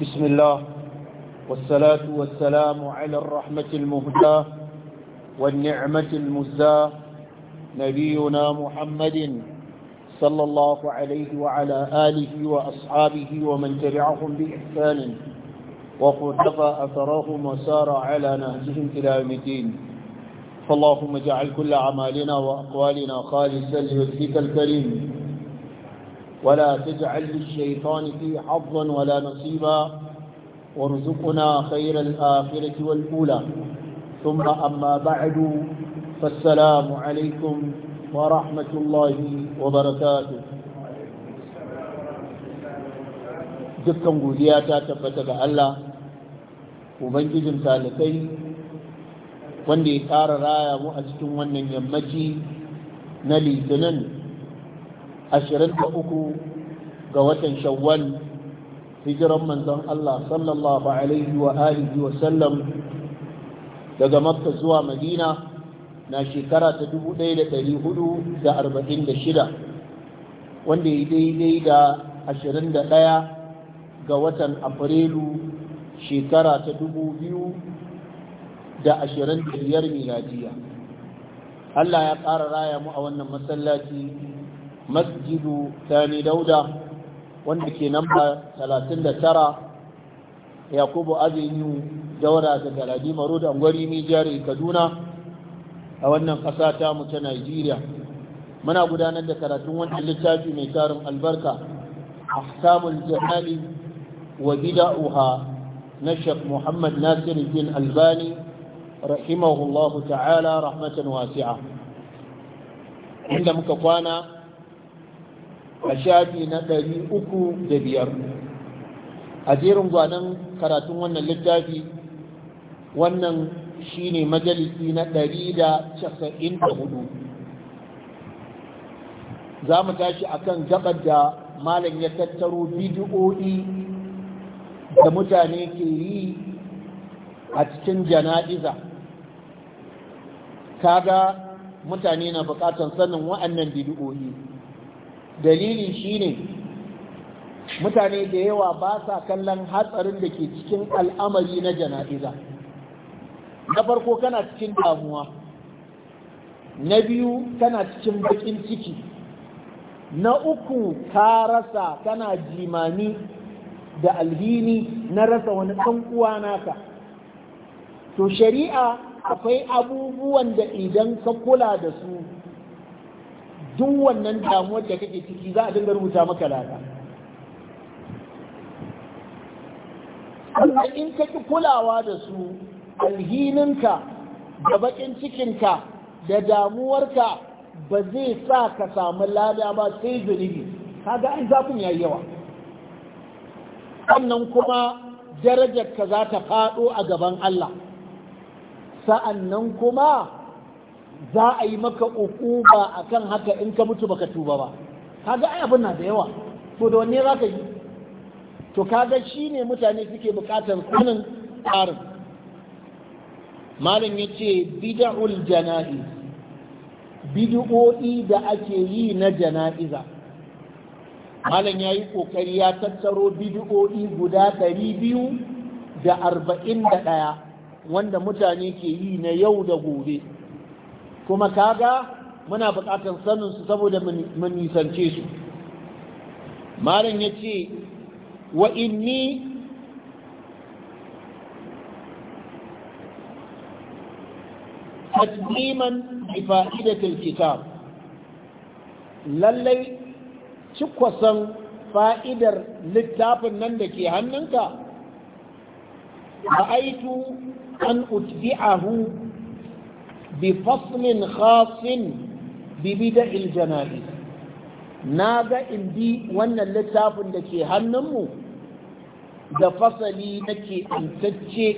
بسم الله والصلاة والسلام على الرحمة المهدى والنعمة المزاة نبينا محمد صلى الله عليه وعلى آله وأصحابه ومن تبعهم بإحسان وقتفى أثرهم وسار على نهجهم إلى يوم الدين فاللهم اجعل كل أعمالنا وأقوالنا خالصا لوجهك الكريم ولا تجعل للشيطان في حظا ولا نصيبا وارزقنا خير الآخرة والأولى ثم أما بعد فالسلام عليكم ورحمة الله وبركاته dukkan godiya ta tabbata ga Allah ubangijin talibai wanda ya ƙara raya mu a cikin wannan yammaci na litinin ashirin da uku ga watan shawwal hijiran manzon Allah sallallahu alaihi wa alihi wa sallam daga makka zuwa madina na shekara ta dubu ɗaya da ɗari hudu da arba'in da shida wanda ya daidai da ashirin da ɗaya ga watan afrilu shekara ta dubu biyu da ashirin da biyar miladiya Allah ya ƙara raya mu a wannan masallaci masjidu sani dauda wanda ke namba 39 yakubu avenue daura da galadi maro da angwari jari kaduna a wannan ƙasa ta mu ta nigeria muna gudanar da karatun wannan littafi mai tarin albarka ahkamul jahali wa bida'uha na shek muhammad bin albani rahimahullahu ta'ala rahmatan wasi'a inda muka kwana a shafi na ɗari uku da biyar a jerin gwanon karatun wannan littafi wannan shi ne majalisi na ɗari da casa'in da hudu za mu tashi a kan gabar da malam ya tattaro bidiyo'i da mutane ke yi a cikin jana'iza kaga mutane na bukatar sanin wa'annan bidiyo'i dalili shine mutane da yawa ba sa kallon hatsarin da ke cikin al'amari na jana'iza na farko kana cikin damuwa na biyu kana cikin bakin ciki na uku ka rasa kana jimami da alhini na rasa wani ɗan uwa naka to shari'a akwai abubuwan da idan ka kula da su duk wannan damuwar da kake ciki za a dinga rubuta maka lada sannan in ka kulawa da su alhininka da bakin cikinka da damuwarka ba zai sa ka samu lada ba sai zunubi kaga an zafin yayi yawa sannan kuma ka za ta faɗo a gaban Allah sa'annan kuma za a yi maka ukuba kan haka in ka mutu baka tuba ba kaga ai abin na da yawa to da wanne za ka yi to kaga ne mutane suke bukatar sanin tsarin malam ce bid'ul jana'iz bid'o'i da ake yi na jana'iza malam yi kokari ya tattaro bid'o'i guda ɗari biyu da arba'in da ɗaya wanda mutane ke yi na yau da gobe kuma kaga muna bukatar saninsu saboda mun nisance su Malam ya ce wa inni tasliman fa’idatul kitab lallai cikwason fa’idar littafin nan da ke hannunka ba aitu an utbi'ahu بفصل خاص ببدع الجنائز ناغا اندي وانا اللتاف لكي هنمو da fasali na keɓantacce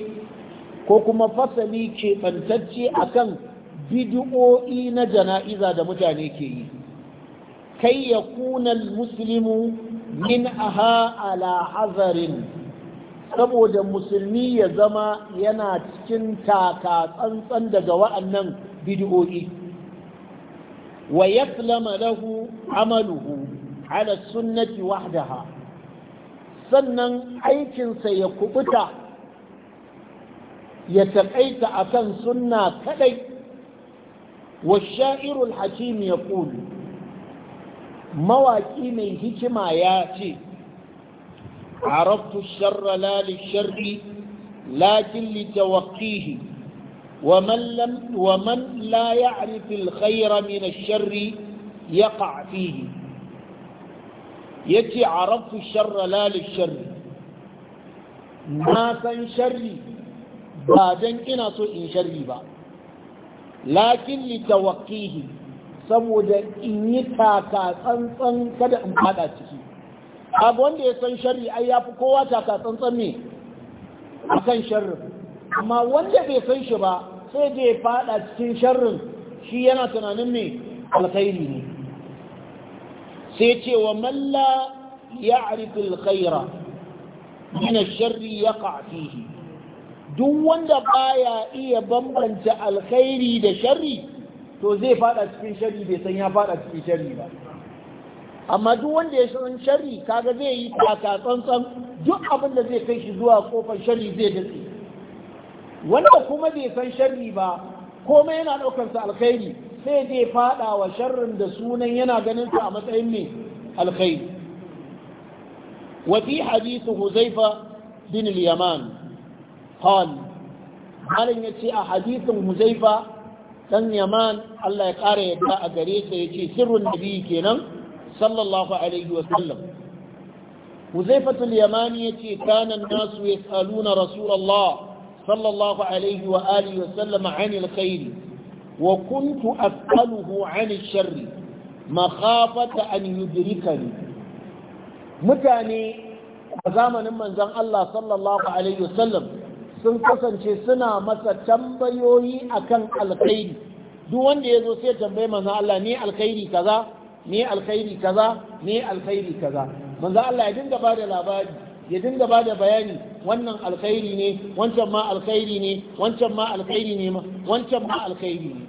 ko kuma fasali keɓantacce a kan bidiyo'i na jana'iza da mutane ke yi kai ya kunan min aha ala hazarin saboda musulmi ya zama yana cikin taka tsantsan daga wa'annan bid'o'i wa yaslama lahu amaluhu ala sunnati wahdaha sannan aikinsa ya kubuta ya taƙaita akan sunna kaɗai. wa sha'irul hakim ya mawaƙi mai hikima ya ce عرفت الشر لا للشر لكن لتوقيه ومن لم ومن لا يعرف الخير من الشر يقع فيه يتي عرفت الشر لا للشر ما كان شري بعدين كنا سوء شري با لكن لتوقيه saboda in yi taka tsantsan kada in fada ciki abu wanda ya san sharri ai ya fi kowa taka tsantsan ne a kan sharrin amma wanda bai san shi ba sai da ya fada cikin sharrin shi yana tunanin mai alkhairi ne sai ce wa malla ya arifin alkhaira yana sharri ya fihi duk wanda baya iya bambanta alkhairi da sharri to zai fada cikin sharri bai san ya fada cikin sharri ba amma duk wanda ya san shari kaga zai yi taka tsantsan duk abin da zai kai shi zuwa kofar shari zai datse wanda kuma bai san shari ba komai yana ɗaukar sa alkhairi sai zai faɗawa wa sharrin da sunan yana ganin su a matsayin mai alkhairi wa fi hadith huzaifa bin al-yaman malam yace a hadisin huzaifa dan yaman Allah ya ƙara yadda a gare sa yace sirrun nabi kenan sallallahu alaihi wasallam huzaifatu al-yamani yace kana nasu yasaluna rasulullah sallallahu alaihi wa alihi wasallam an al-khair wa kuntu as'aluhu an ash-sharr makhafata an yudrikani mutane a zamanin manzon Allah sallallahu alaihi wasallam sun kasance suna masa tambayoyi akan alkhairi duk wanda ya zo sai tambaye manzon Allah ne alkhairi kaza Ni alkhairi kaza ni alkhairi kaza manzo Allah ya dinga bada labari ya dinga bada bayani wannan alkhairi ne wancan ma alkhairi ne wancan ma alkhairi ne wancan ma alkhairi ne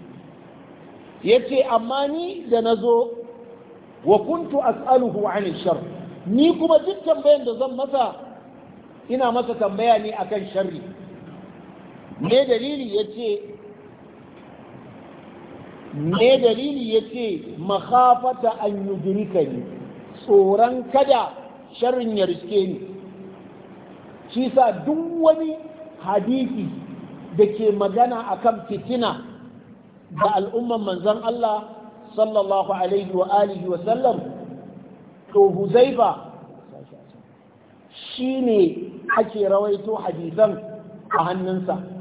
yace amma ni da nazo wa kuntu as'aluhu 'an shar ni kuma duk tambayan da zan masa ina masa tambaya ne akan sharri me dalili yace me dalili ya ce makafata an yi ni tsoron kada sharin ya riske ni shi sa duk wani hadisi da ke magana akan fitina da al'umman manzon Allah sallallahu alaihi wa alihi wa sallam to huzaifa shi ne ake rawaito hadisan a hannunsa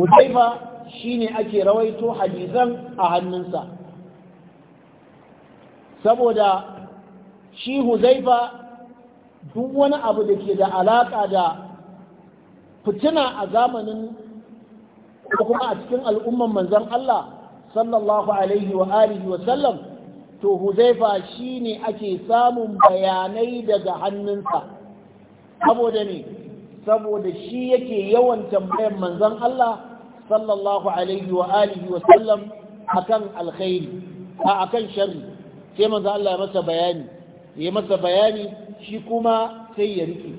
hudaifa ne ake rawaito hadizan a hannunsa saboda shi hudaifa duk wani abu da ke da alaƙa da fitina a zamanin ko kuma a cikin al'umman manzan Allah sallallahu alaihi wa alihi wa sallam to huzaifa ne ake samun bayanai daga hannunsa saboda ne saboda shi yake yawan tambayan manzon Allah sallallahu alaihi wa alihi wa sallam akan alkhairi a akan sharri sai manzo Allah ya masa bayani ya masa bayani shi kuma sai ya rike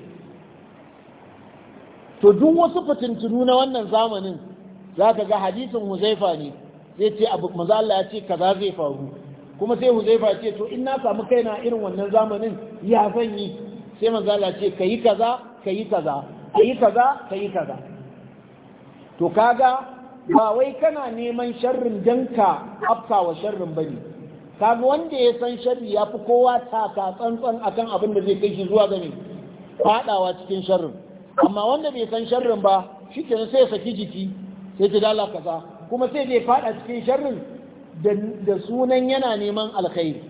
to duk wasu fitintunu na wannan zamanin zaka ga hadisin Huzaifa ne zai ce abu manzo Allah ya ce kaza zai faru kuma sai Huzaifa ya ce to in na samu kaina irin wannan zamanin ya zan yi sai manzo Allah ya ce kayi kaza kayi kaza kayi kaza kayi kaza to kaga ba wai kana neman sharrin don ka wa sharrin ba ne kaga wanda ya san sharri ya fi kowa taka tsantsan akan abin da zai kai shi zuwa gani fadawa cikin sharrin amma wanda bai san sharrin ba shi kenan sai ya saki jiki sai ki dala kaza kuma sai bai fada cikin sharrin da sunan yana neman alkhairi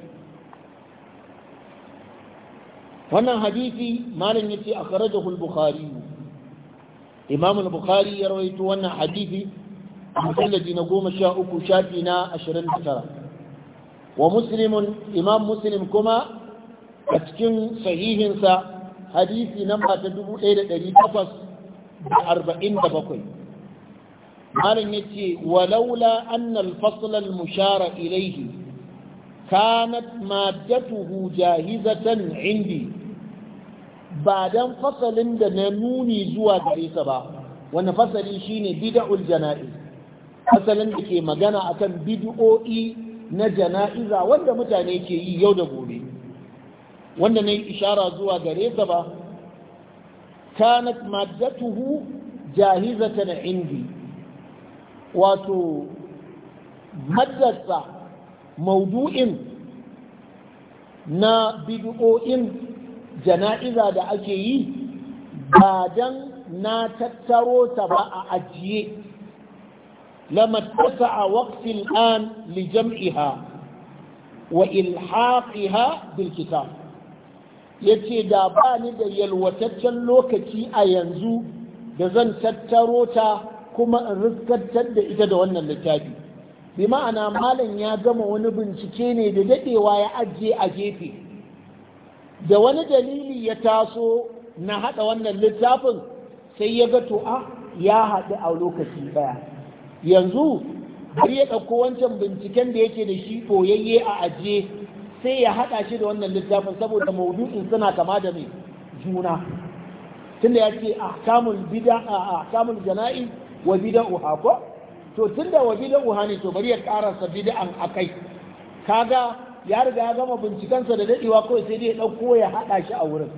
wannan hadisi malam yace akhrajahu al-bukhari Imamul bukhari ya rawaito wannan hadisi mujalladi na goma sha uku shafi na ashirin da tara wa musulmin imam muslim kuma a cikin sahihinsa hadisi namba ta dubu ɗaya da ɗari takwas da arba'in da bakwai malam ya ce walaula annal faslal mushara ilaihi kanat maddatuhu jahizatan indi ba dan fasalin da na nuni zuwa gare sa ba wani fasali shine bid'ul jana'i fasalin da ke magana akan bid'o'i na jana'iza wanda mutane ke yi yau da gobe wanda na yi ishara zuwa gare sa ba kanat maddatuhu jahizatan indi wato maddarsa maudu'in na bid'o'in jana'iza da ake yi ba dan na tattaro ta ba a ajiye lamattasa a waqtil an li jam'iha wa ilhaqiha bil kitab yace da ba ni da yalwataccen lokaci a yanzu da zan tattaro ta kuma in riskantar da ita da wannan littafi bi ma'ana malam ya gama wani bincike ne da dadewa ya ajiye a gefe da wani dalili ya taso na haɗa wannan littafin sai ya ga to a ah, ya haɗu a lokaci ɗaya yanzu har ya ɗauko wancan binciken da yake da shi koyayye a ajiye sai ya haɗa shi da wannan littafin saboda maududin suna kama da mai juna tunda ya ce a ah, samun ah, jana'i wa bidan uha ko to tunda wa bidan uha ne to bari ya karasa bid'an akai kaga ya riga ya gama bincikensa da daɗewa kawai sai dai ya ɗauko ya haɗa shi a wurin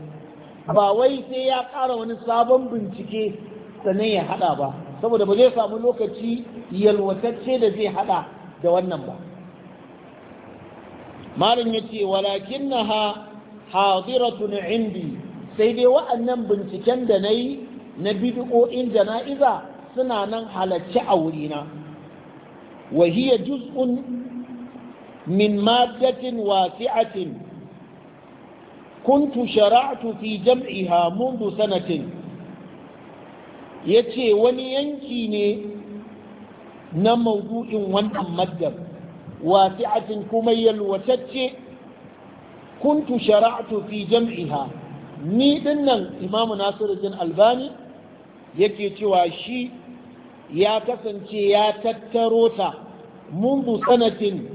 ba wai sai ya ƙara wani sabon bincike sannan ya haɗa ba saboda ba zai samu lokaci yalwatacce da zai haɗa da wannan ba malin ya ce walakin na ha hadiratun indi sai dai wa'annan binciken da na yi na bidi'o'in jana'iza suna nan halarci a wurina wahiyar juz'un min maddatin wasi'atin kuntu shara'tu fi jam'iha mundu sanatin yace wani yanki ne na mawdu'in wannan maddar wasi'atin kuma yalwatacce kuntu shara'atu fi jam'iha ni dinnan imamu nasiruddin albani yake cewa shi ya kasance ya tattaro ta mundu sanatin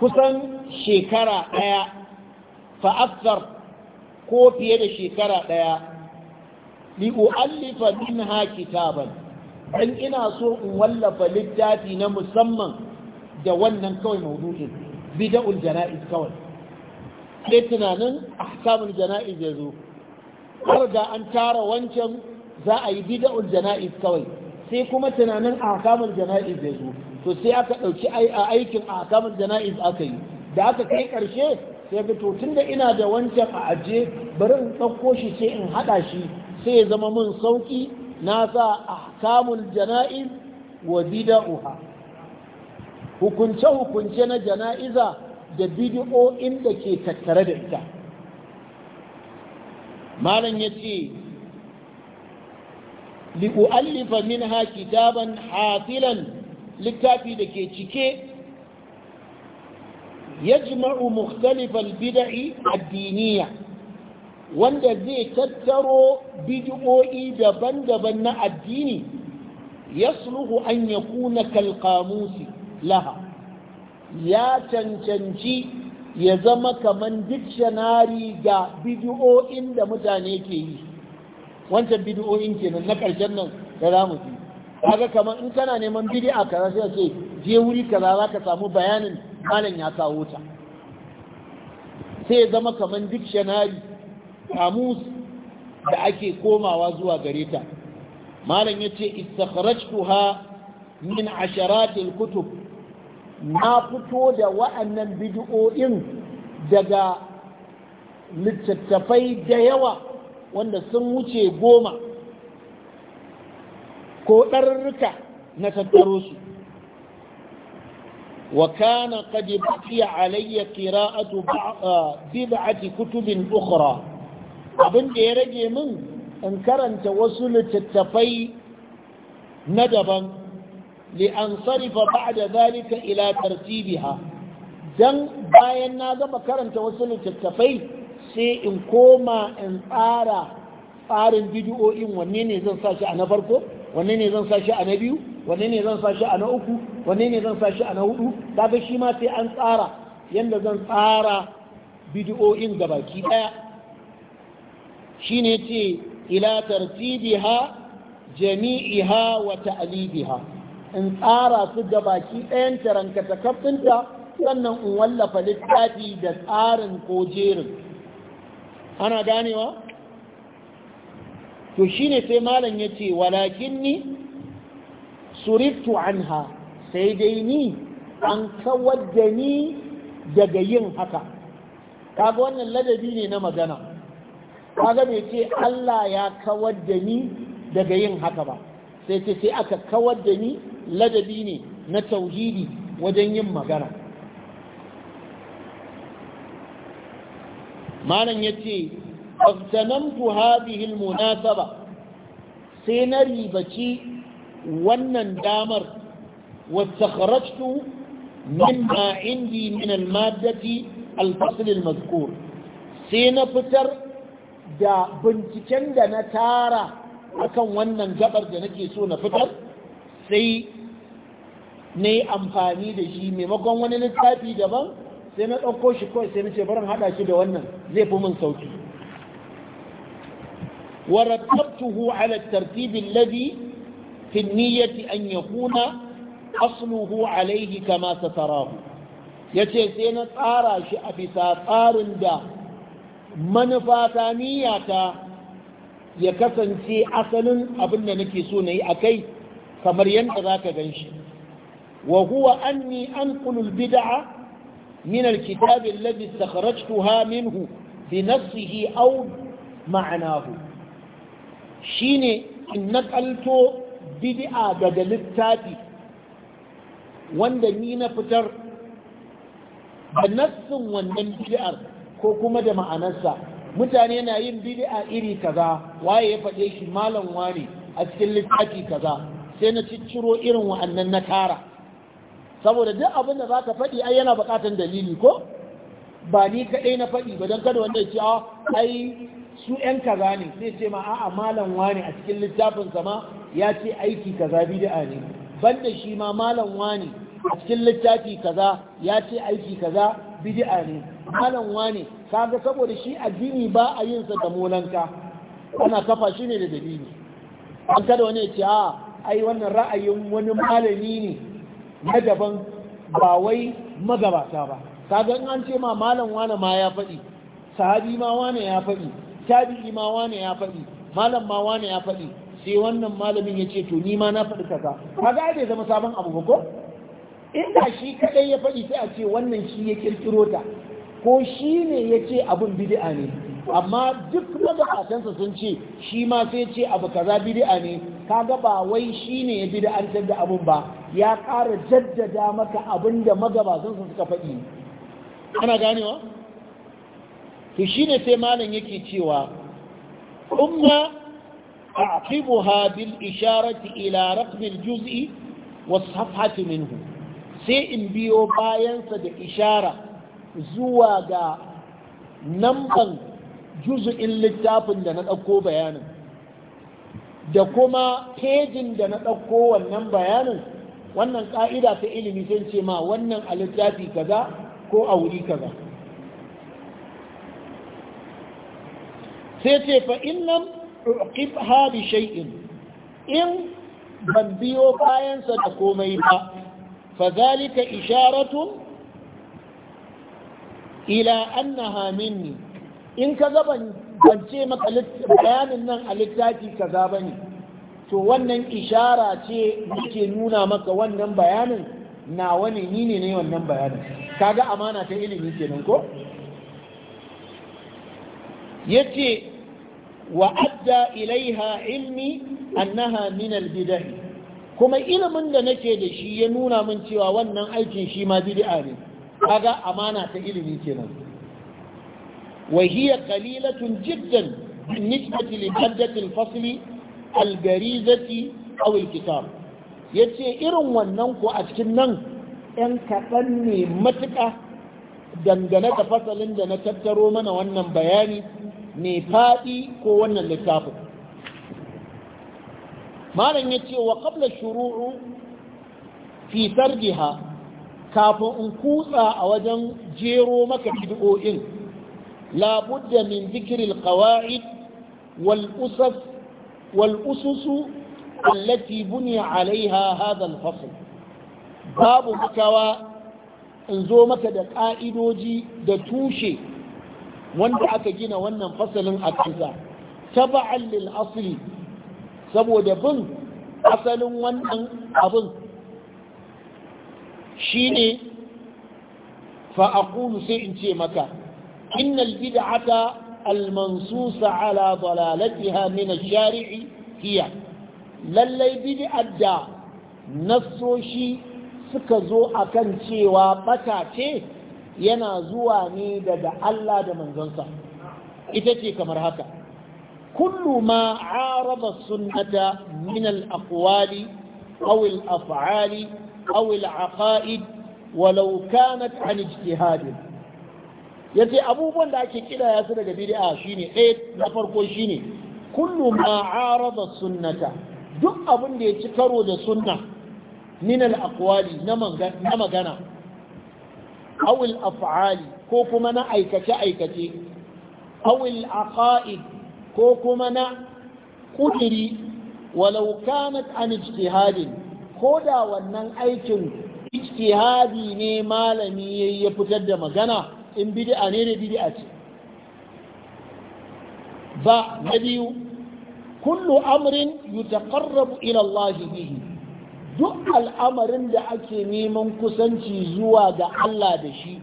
kusan shekara ɗaya fa'aftar ko fiye da shekara ɗaya li'u'allifa minha kitaban in ina so in wallafa littafi na musamman da wannan kawai maudu'in bida'ul jana'iz kawai sai tunanin ahkamul jana'iz ya zo har da an tara wancan za a yi bida'ul jana'iz kawai sai kuma tunanin ahkamul jana'iz ya zo to sai aka ɗauki aikin a kamar jana'iz aka yi da aka kai ƙarshe sai ga to tunda ina da wancan a aje bari in ɗauko shi sai in haɗa shi sai ya zama mun sauƙi na sa ahkamul jana'iz wa bida'uha hukunce hukunce na jana'iza da bidi'o'in da ke tattare da ita malam ya ce li'u'allifa minha kitaban hatilan littafi da ke cike yajma'u mukhtalifal bida'i addiniya wanda zai tattaro bidi'o'i daban-daban na addini yasluhu an yakuna kalqamusi laha ya cancanci ya zama kaman dictionary ga bid'o'in da mutane ke yi wancan ke nan na ƙarshen nan da za mu fi kaga kamar in kana neman bidi'a, kaza sai ce je wuri kaza zaka samu bayanin malam ya kawo ta sai zama kamar dictionary kamus da ake komawa zuwa gare ta malam yace istakhrajtuha min asharatil kutub na fito da wa'annan bidi'o'in daga littattafai da yawa wanda sun wuce goma ko ɗarurruka na tattaro su wa kana qad baqiya alayya qira'atu bid'ati kutubin ukhra abin da ya rage min in karanta wasu littattafai na daban لأنصرف بعد ذلك إلى ترتيبها dan bayan na gama karanta wasu littattafai sai in koma in tsara tsarin bidiyo'in wanne ne zan sa shi a na farko wanne ne zan sashi a na biyu wanne ne zan sashi a na uku wanne ne zan sashi a na hudu kaga shi ma sai an tsara yanda zan tsara bidiyoyin gabaki daya shine ce ila tartibiha jami'iha wa ta'libiha in tsara su gabaki ɗayan tarankata kafinta sannan in wallafa littafi da tsarin ko jerin ana ganewa to shine sai malam ya ce walakinni suriftu anha sai dai ni an kawar da ni daga yin haka kaga wannan ladabi ne na magana kaga bai ce Allah ya kawar da ni daga yin haka ba sai ce sai aka kawar da ni ladabi ne na tauhidi wajen yin magana malam ya ce اغتنمت هذه المناسبة سينري بشي ونن دامر واستخرجت مما عندي من المادة الفصل المذكور da دا بنتكن دا نتارا akan wannan gabar da nake so na fitar sai na yi amfani da shi maimakon wani littafi daban sai na ɗauko shi kawai sai na ce barin haɗa shi da wannan zai fi min sauki ورتبته على الترتيب الذي في النية أن يكون أصله عليه كما ستراه يتي سينا تارا شعبي دا من فاتانية يكسن سي أصل أبن نكسوني أكي فمريان ذاك بنشي وهو أني أنقل البدعة من الكتاب الذي استخرجتها منه بنفسه أو معناه shine in nakalto bid'a daga littafi wanda ni na fitar da nassin wannan bid'ar ko kuma da ma'anarsa mutane na yin bid'a iri kaza waye ya faɗe shi malam wani a cikin littafi kaza sai na cicciro irin wa'annan na tara saboda duk abin da zaka faɗi ai yana buƙatar dalili ko ba ni kaɗai na faɗi ba don kada wanda ya ce a ah, ai su ‘yan kaza ne sai ce ma a'a malam wani a cikin littafin sama ya ce aiki kaza bid'a ne banda shi ma malam wani a cikin littafi kaza ya ce aiki kaza bid'a ne malam wani kaga saboda shi addini ba a yin sa da molanka ana kafa shi ne da dalili an kada wani ya ce a ah, ai wannan ra'ayin wani malami ne na daban ba wai magabata ba kaga in an ce ma malam wane ma ya faɗi sahabi ma wane ya faɗi tabi'i ma wane ya faɗi malam ma wane ya faɗi sai wannan malamin ya ce to ni ma na faɗi kaza kaga ai zama sabon abu ko In inda shi kadai ya faɗi sai a ce wannan shi ya kirkiro ta ko shi ne ya ce abin bid'a ne amma duk kasansa sun ce shi ma sai ce abu kaza bid'a ne kaga ba wai shi ne ya bid'antar da abun ba ya ƙara jaddada maka abin da magabatansa suka faɗi ana ganewa to shine sai malam yake cewa umma a'qibuha bil isharati ila raqm al juz'i wa safhati minhu sai in biyo bayansa da ishara zuwa ga namban juz'in littafin da na dauko bayanin da kuma kejin da na dauko wannan bayanin wannan ka'ida ta ilimi sai ce ma wannan a littafi kaza ko a wuri kaza sai ce fa innam uqibha bi shay'in in ban biyo bayansa da komai ba fa zalika isharatun ila annaha minni in ka ga ban ce maka bayanin nan a littafi kaza ne to wannan ishara ce nake nuna maka wannan bayanin nawa ne ni ne wannan bayanin kaga amana ta ilimi kenan ko yace wa adda ilaiha ilmi annaha min albid'ah kuma ilimin da nake da shi ya nuna min cewa wannan aikin shi ma bid'a ne kaga amana ta ilimi kenan wa hiya qalilatun jiddan بالنسبة لمادة الفصل الجريزة أو الكتاب yace irin wannan ko a cikin nan 'yan kaɗan ne matuƙa dangane da fasalin da na tattaro mana wannan bayani mai faɗi ko wannan littafin malam ya ce wa ƙabla shuru'u fi kafin in kutsa a wajen jero maka bid'o'in labudda min zikirin ƙawa'id walususu والأسس التي بني عليها هذا babu makawa in zo maka da ƙa'idoji da tushe wanda aka gina wannan fasalin a kansa taba'an lil asli saboda bin asalin wannan abin shine fa aqulu sai in ce maka innal bid'ata al mansusa ala dalalatiha min ash-shari'i hiya lallai da nassoshi suka zo akan cewa ɓatace yana zuwa ne daga Allah da manzonsa ita ce kamar haka kullu ma araba sunnata min al awil afali aw al-aqaid walau kanat an ijtihad yace abubuwan da ake kira ya su daga bid'a shine ɗaya eh, na farko shine kullu ma araba sunnata duk abin da ya ci karo da sunna min al na magana awil afali ko kuma na aikace aikace awil al-aqaid ko kuma na kudiri walau kanat an ijtihadin ko da wannan aikin ijtihadi ne malami yayi ya fitar da magana in bid'a ne da bid'a ce ba na biyu kullu amrin yutaqarrabu ila Allah bihi duk al'amarin da ake neman kusanci zuwa ga Allah da shi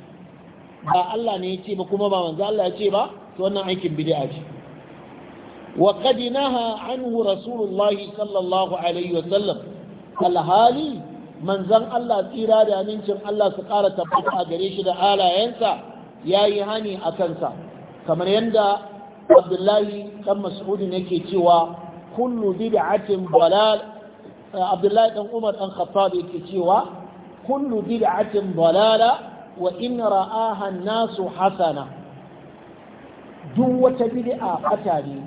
ba Allah ne ya ce ba kuma ba manzo Allah ya ce ba to wannan aikin bid'a ce wa qad naha anhu rasulullahi sallallahu alaihi wa sallam alhali manzon Allah tsira da amincin Allah su ƙara tabbata a gare shi da halayensa yayi hani a kansa kamar yadda Abdullahi kan Mas'ud yake cewa kullu bid'atin dalal abdullahi Ɗan umar Ɗan khattab yake cewa kullu bid'atin dalala wa in ra'aha an-nasu hasana duk wata bid'a fata ne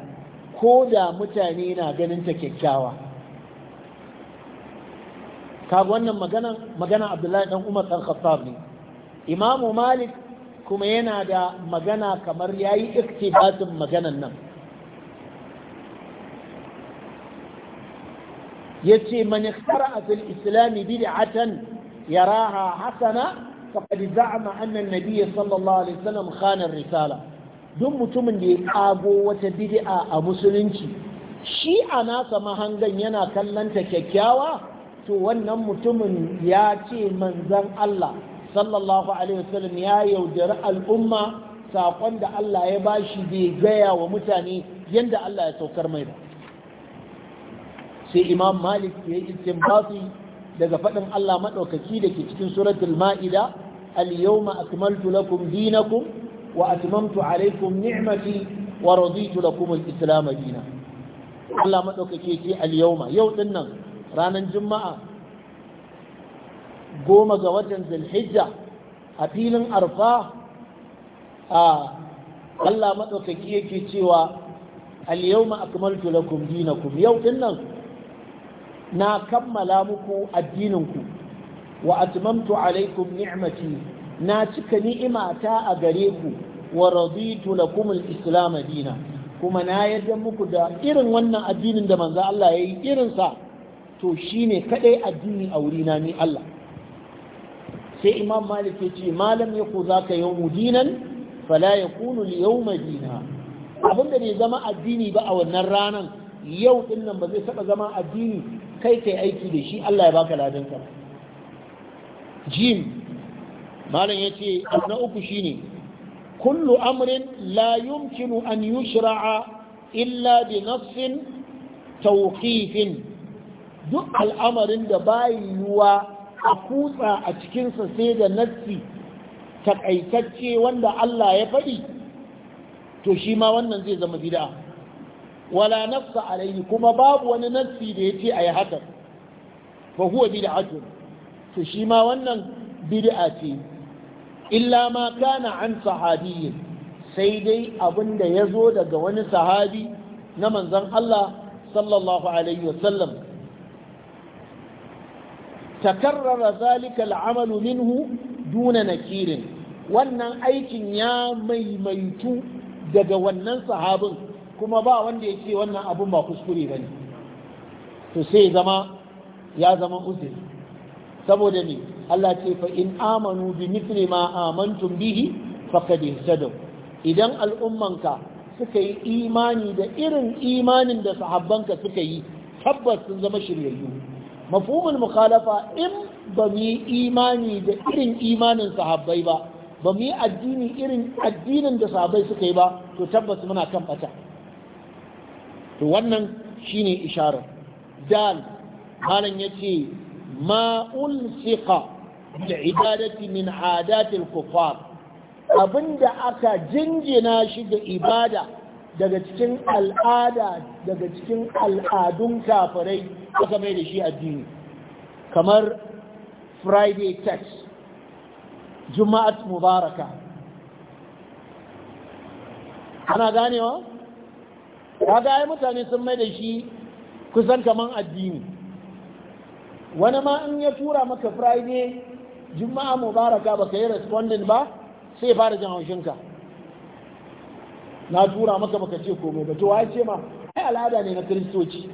ko da mutane na ganin ta kyakkyawa kaga wannan magana magana abdullahi Ɗan umar Ɗan khattab ne imamu malik kuma yana da magana kamar yayi iktibasin maganan nan yace man ikhtara fil islam bid'atan yaraha hasana faqad za'ama anna an-nabiy sallallahu alaihi wasallam khana risala duk mutumin da ya kago wata bid'a a musulunci shi a nasa mahangan yana kallanta kyakkyawa to wannan mutumin ya ce manzan Allah sallallahu alaihi wasallam ya yaudari al'umma saƙon da Allah ya bashi bai gaya wa mutane yadda Allah ya saukar mai ba sai imam malik ya yi istinbati daga faɗin Allah maɗaukaki da ke cikin suratul ma'ida al-yawma akmaltu lakum dinakum wa atmamtu alaykum ni'mati wa raditu lakum al-islam dinan Allah maɗaukaki ce al-yawma yau din nan ranar juma'a goma ga watan zulhijja a filin arfa a Allah maɗaukaki yake cewa al-yawma akmaltu lakum dinakum yau din nan na kammala muku addininku wa atmamtu alaikum ni'mati na cika ni'imata a gare ku wa raditu lakum al-islam dina kuma na yarda muku da irin wannan addinin da manzo Allah yayi irin sa to shine kadai addini a wurina ni Allah sai imam malik ya ce malam yaku zaka yawmu dinan fala yakunu liyawma dina abinda bai zama addini ba a wannan ranan yau din nan ba zai saba zama addini kai kai aiki da shi Allah ya baka ka. jim malam yace na uku shine kullu amrin la yumkinu an yushra'a illa bi nafsin tawqifin duk al'amarin da yuwa a kutsa a cikinsa sai da nassi takaitacce wanda Allah ya faɗi to shi ma wannan zai zama bid'a wala nafsa alaihi kuma babu wani nafsi da ya ce a yi hakan fa huwa bid'atun to shi ma wannan bid'a ce illa ma kana an sahabiyyin sai dai abinda ya zo daga wani sahabi na manzon Allah sallallahu alaihi wasallam takarrara zalika al'amalu minhu duna nakirin wannan aikin ya maimaitu daga wannan sahabin kuma ba wanda ya ce wannan abun ba kuskure ba ne to sai zama ya zama uzuri saboda ne Allah ce fa in amanu bi mithli ma amantum bihi faqad ihtadaw idan al'ummanka suka yi imani da irin imanin da sahabbanka suka yi tabbas sun zama shiryayyu mafhumul mukhalafa in ba mu yi imani da irin imanin sahabbai ba ba mu yi addini irin addinin da sahabbai suka yi ba to tabbas muna kan bata to wannan shine isharar dal malam yace ma ulsiqa da ibadati min adati kufar abinda aka jinjina shi da ibada daga cikin al'ada daga cikin al'adun kafirai aka mai da shi addini kamar friday tax juma'at mubaraka ana ganewa kaga ai mutane sun mai da shi kusan kaman addini wani ma in ya tura maka friday juma'a mubaraka baka yi responding ba sai fara jin haushinka na tura maka maka ce komai ba to wa ce ma ai al'ada ne na kristoci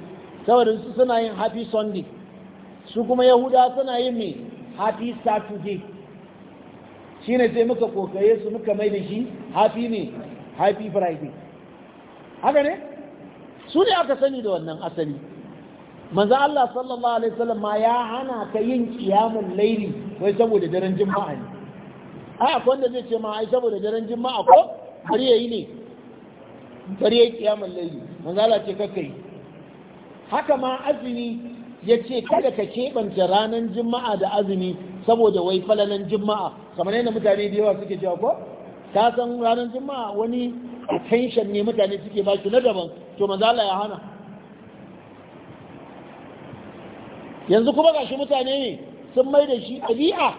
saboda su suna yin happy sunday su kuma yahuda suna yin mai happy saturday shi ne sai muka kokaye su muka mai da shi happy ne happy friday haka ne su ne aka sani da wannan asali manzo Allah sallallahu alaihi wasallam ma ya hana ka yin qiyamul layli wai saboda daren juma'a ne a da zai ce ma ai saboda daren juma'a ko har yayi ne har yayi qiyamul layli manzo Allah ce kaka yi haka ma azumi yace kada ka keɓanta ranar juma'a da azumi saboda wai falalan juma'a kamar yadda mutane da yawa suke cewa ko ka san ranar juma'a wani attention ne mutane suke ba shi na daban to manzo ya hana yanzu kuma gashi mutane ne sun mai da shi ɗabi'a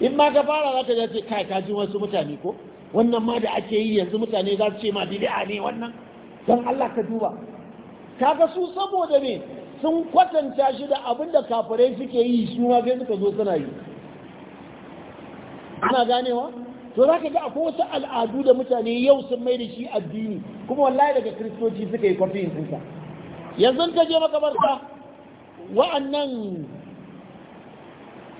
in ma ka fara za ka ce kai ka ji wasu mutane ko wannan ma da ake yi yanzu mutane za su ce ma bid'a ne wannan don Allah ka duba kaga su saboda me sun kwatanta shi da abin da kafirai suke yi su ma sai suka zo suna yi ana ganewa to za ka ga akwai wasu al'adu da mutane yau sun mai da shi addini kuma wallahi daga kiristoci suka yi kwafiyin kusa yanzu ka je makabarta wa'annan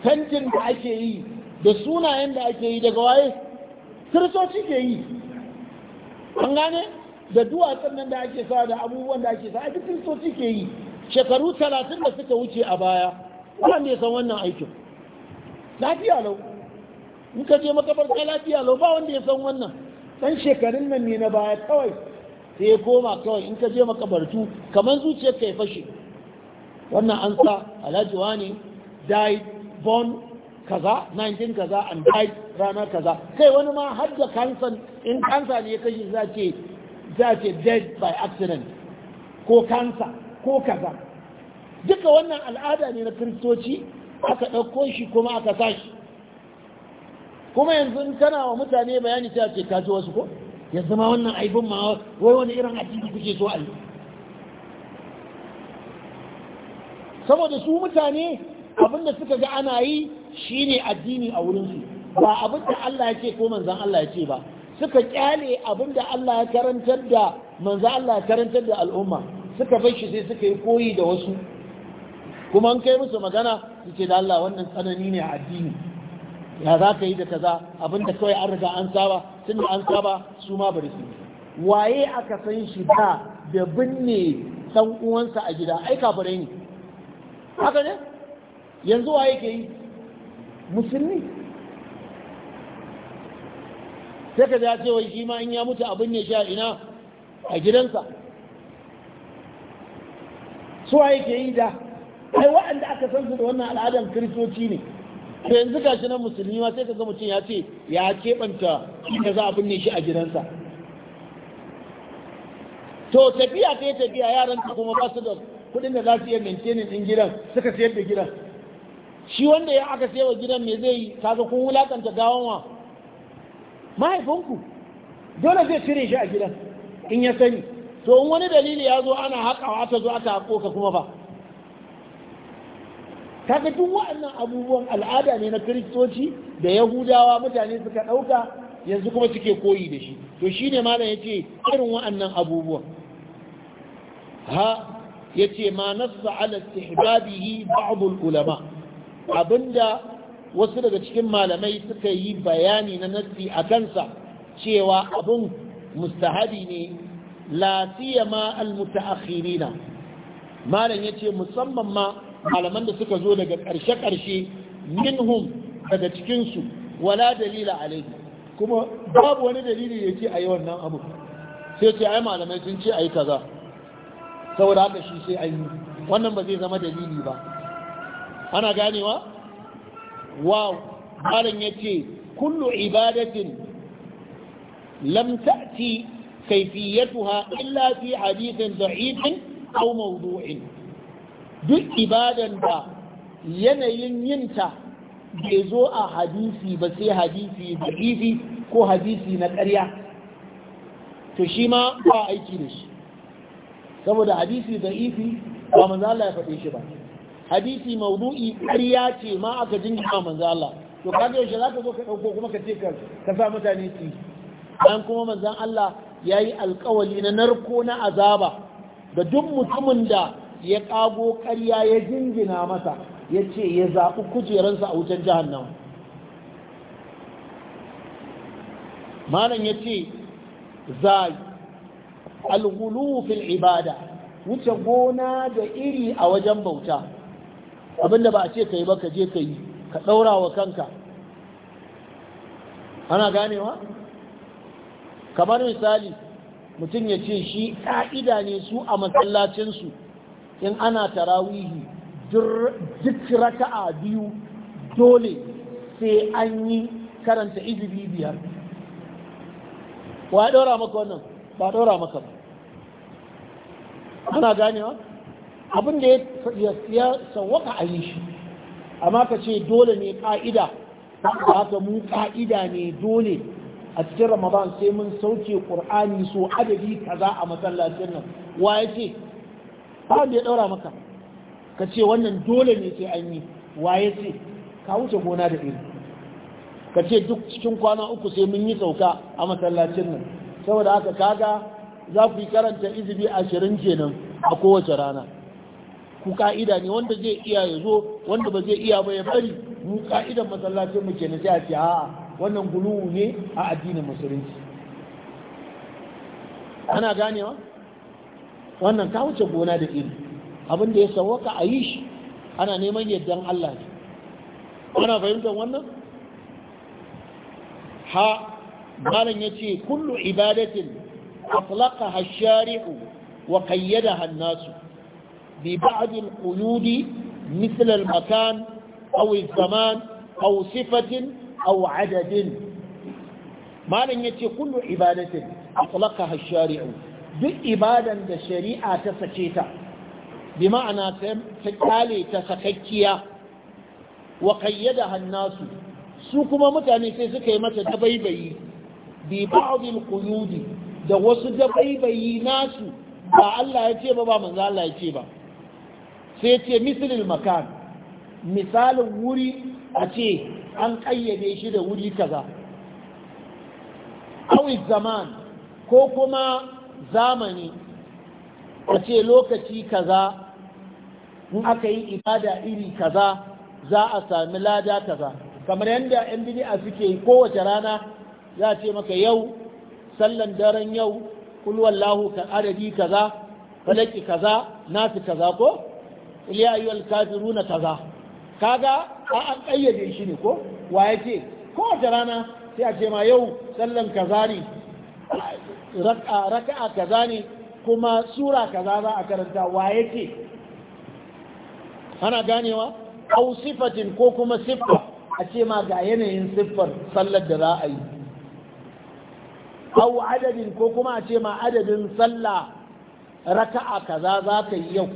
canjin da ake yi da sunayen da ake yi daga waye kiristoci ke yi an gane da duwatsun nan da ake sa da abubuwan da ake sa a kiristoci ke yi shekaru talatin da suka wuce a baya wanda ya san wannan aikin lafiya lau in ka je makabarta lafiya lau ba wanda ya san wannan dan shekarun nan ne na baya kawai sai ya koma kawai in ka je makabartu kamar zuciyar ka ya fashe wannan an sa alhaji wani died born kaza 19 kaza and died ranar kaza kai wani ma har da kansan in kansa ne ya kashe za ce za dead by accident ko kansa ko kaza duka wannan al'ada ne na kiristoci aka ɗauko shi kuma aka sa kuma yanzu in kana wa mutane bayani ta ce ka wasu ko ya zama wannan aibin ma wai wani irin addini kuke so a saboda su mutane abin da suka ga ana yi shine addini a wurinsu ba abin da Allah ya ce ko manzan Allah ya ce ba suka kyale abin da Allah ya karantar da Allah ya karantar da al'umma suka bar shi sai suka yi koyi da wasu kuma an kai musu magana su ce da Allah wannan tsanani ne a addini ya za ka yi da kaza abinda kawai an riga an saba tun da an saba su ma bari su waye aka san shi ba da binne san uwansa a gida ai bare ne haka ne yanzu waye ke yi musulmi sai ka ya ce wai shi ma in ya mutu abin ya sha ina a gidansa su waye ke yi da ai waɗanda aka san su da wannan al'adar kiristoci ne sai yanzu shi nan musulmi ma sai kaga mutum ya ce ya keɓanta ka za a binne shi a gidansa to tafiya ta tafiya yaran ta kuma ba su da kuɗin da za su iya maintaining ɗin gidan suka sayar da gidan shi wanda ya aka sayar wa gidan me zai yi kaga kun wulakanta gawanwa mahaifinku dole zai cire shi a gidan in ya sani to in wani dalili ya zo ana haƙawa ta zo aka haƙo ka kuma ba kaga duk wa'annan abubuwan al'ada ne na kiristoci da yahudawa mutane suka ɗauka yanzu kuma suke koyi da shi to shi ne malam ya ce irin wa'annan abubuwan ha ya ce ma nassa ala istihbabihi ba'abul ulama abinda wasu daga cikin malamai suka yi bayani na nasi a kansa cewa abin mustahabi ne la siyama al mutaakhirina malam yace musamman ma malaman da suka zo daga ƙarshe-ƙarshe minhum daga cikinsu wala dalila alaihi kuma babu wani dalili da ce a yi wannan abu sai ce ai malamai sun ce a yi kaza saboda haka shi sai a yi wannan ba zai zama dalili ba ana ganewa wow malam ya ce kullu ibadatin lam ta'ti kaifiyatuha illa fi hadithin da'ifin au mawdu'in duk ibadan da yanayin yinta bai zo a hadisi ba sai hadisi hadisi ko hadisi na ƙarya to shi ma ba aiki da shi saboda hadisi da ifi ba manzo Allah ya faɗe shi ba hadisi maudu'i ƙarya ce ma aka jingina manzo Allah to kaga yaushe zaka zo ka ɗauko kuma ka ce ka sa mutane su an kuma manzon Allah yayi alkawali na narko na azaba da duk mutumin da ya ƙago ƙarya ya jingina masa ya ce ya zaɓi kujeransa a wutan nan. malam ya ce za alhulufin ibada wuce gona da iri a wajen bauta abinda ba a ce ka yi ba ka je ka yi ka ɗaura wa kanka ana ganewa kamar misali mutum ya ce shi ƙa'ida ne su a masallacinsu in ana tarawihi duk raka'a biyu dole sai an yi karanta izibi biyar wa ya ɗora maka wannan ba ɗora maka ba ana ganewa abin da ya sauwaka a yi shi amma ka ce dole ne ƙa'ida haka mu ƙa'ida ne dole a cikin ramadan sai mun sauke ƙur'ani so adadi kaza a masallacin nan wa ya ce ba ya ɗaura maka ka ce wannan dole ne sai an yi waye ce ka wuce gona da iri ka ce duk cikin kwana uku sai mun yi sauka a masallacin nan saboda haka kaga za ku yi karanta izibi ashirin kenan a kowace rana ku ka'ida ne wanda zai iya ya zo wanda ba zai iya ba ya bari mu ka'idan masallacin mu kenan sai a ce a'a wannan gulu ne a addinin musulunci ana ganewa wannan ta wuce gona da iri abin da ya sauwaka a yi shi ana neman yaddan Allah ne ana fahimtar wannan ha malam ya ce kullu ibadatin atlaka hashari'u wa kayyada hannasu bi ba'adin kuyudi misalar makan au zaman au sifatin au adadin malam ya ce kullu ibadatin atlaka hashari'u duk ibadan da shari'a ta sake ta bi ma'ana ta kyale ta sakakkiya wa kayyada hannasu su kuma mutane sai suka yi mata dabaibayi bi ba'dil quyudi da wasu dabaibayi nasu ba Allah ya ce ba ba manzo Allah ya ce ba sai ce mislil makan misalin wuri a ce an kayyade shi da wuri kaza awi zaman ko kuma zamani a ce lokaci kaza in aka yi ibada iri kaza za a sami lada kaza kamar yadda yan a suke kowace rana za ce maka yau sallan daren yau kul lahu ka adadi kaza falaki kaza nasu kaza ko iliya kafin runa kaza kaga a an kayyade shi ne ko wa ce? kowace rana sai a ce ma yau sallan kaza ne raka'a kaza ne kuma sura kaza za a karanta wa yake ana ganewa au sifatin ko kuma siffa a ce ma ga yanayin siffar sallar da za a yi au adadin ko kuma a ce ma adadin sallah raka'a kaza za ka yi yau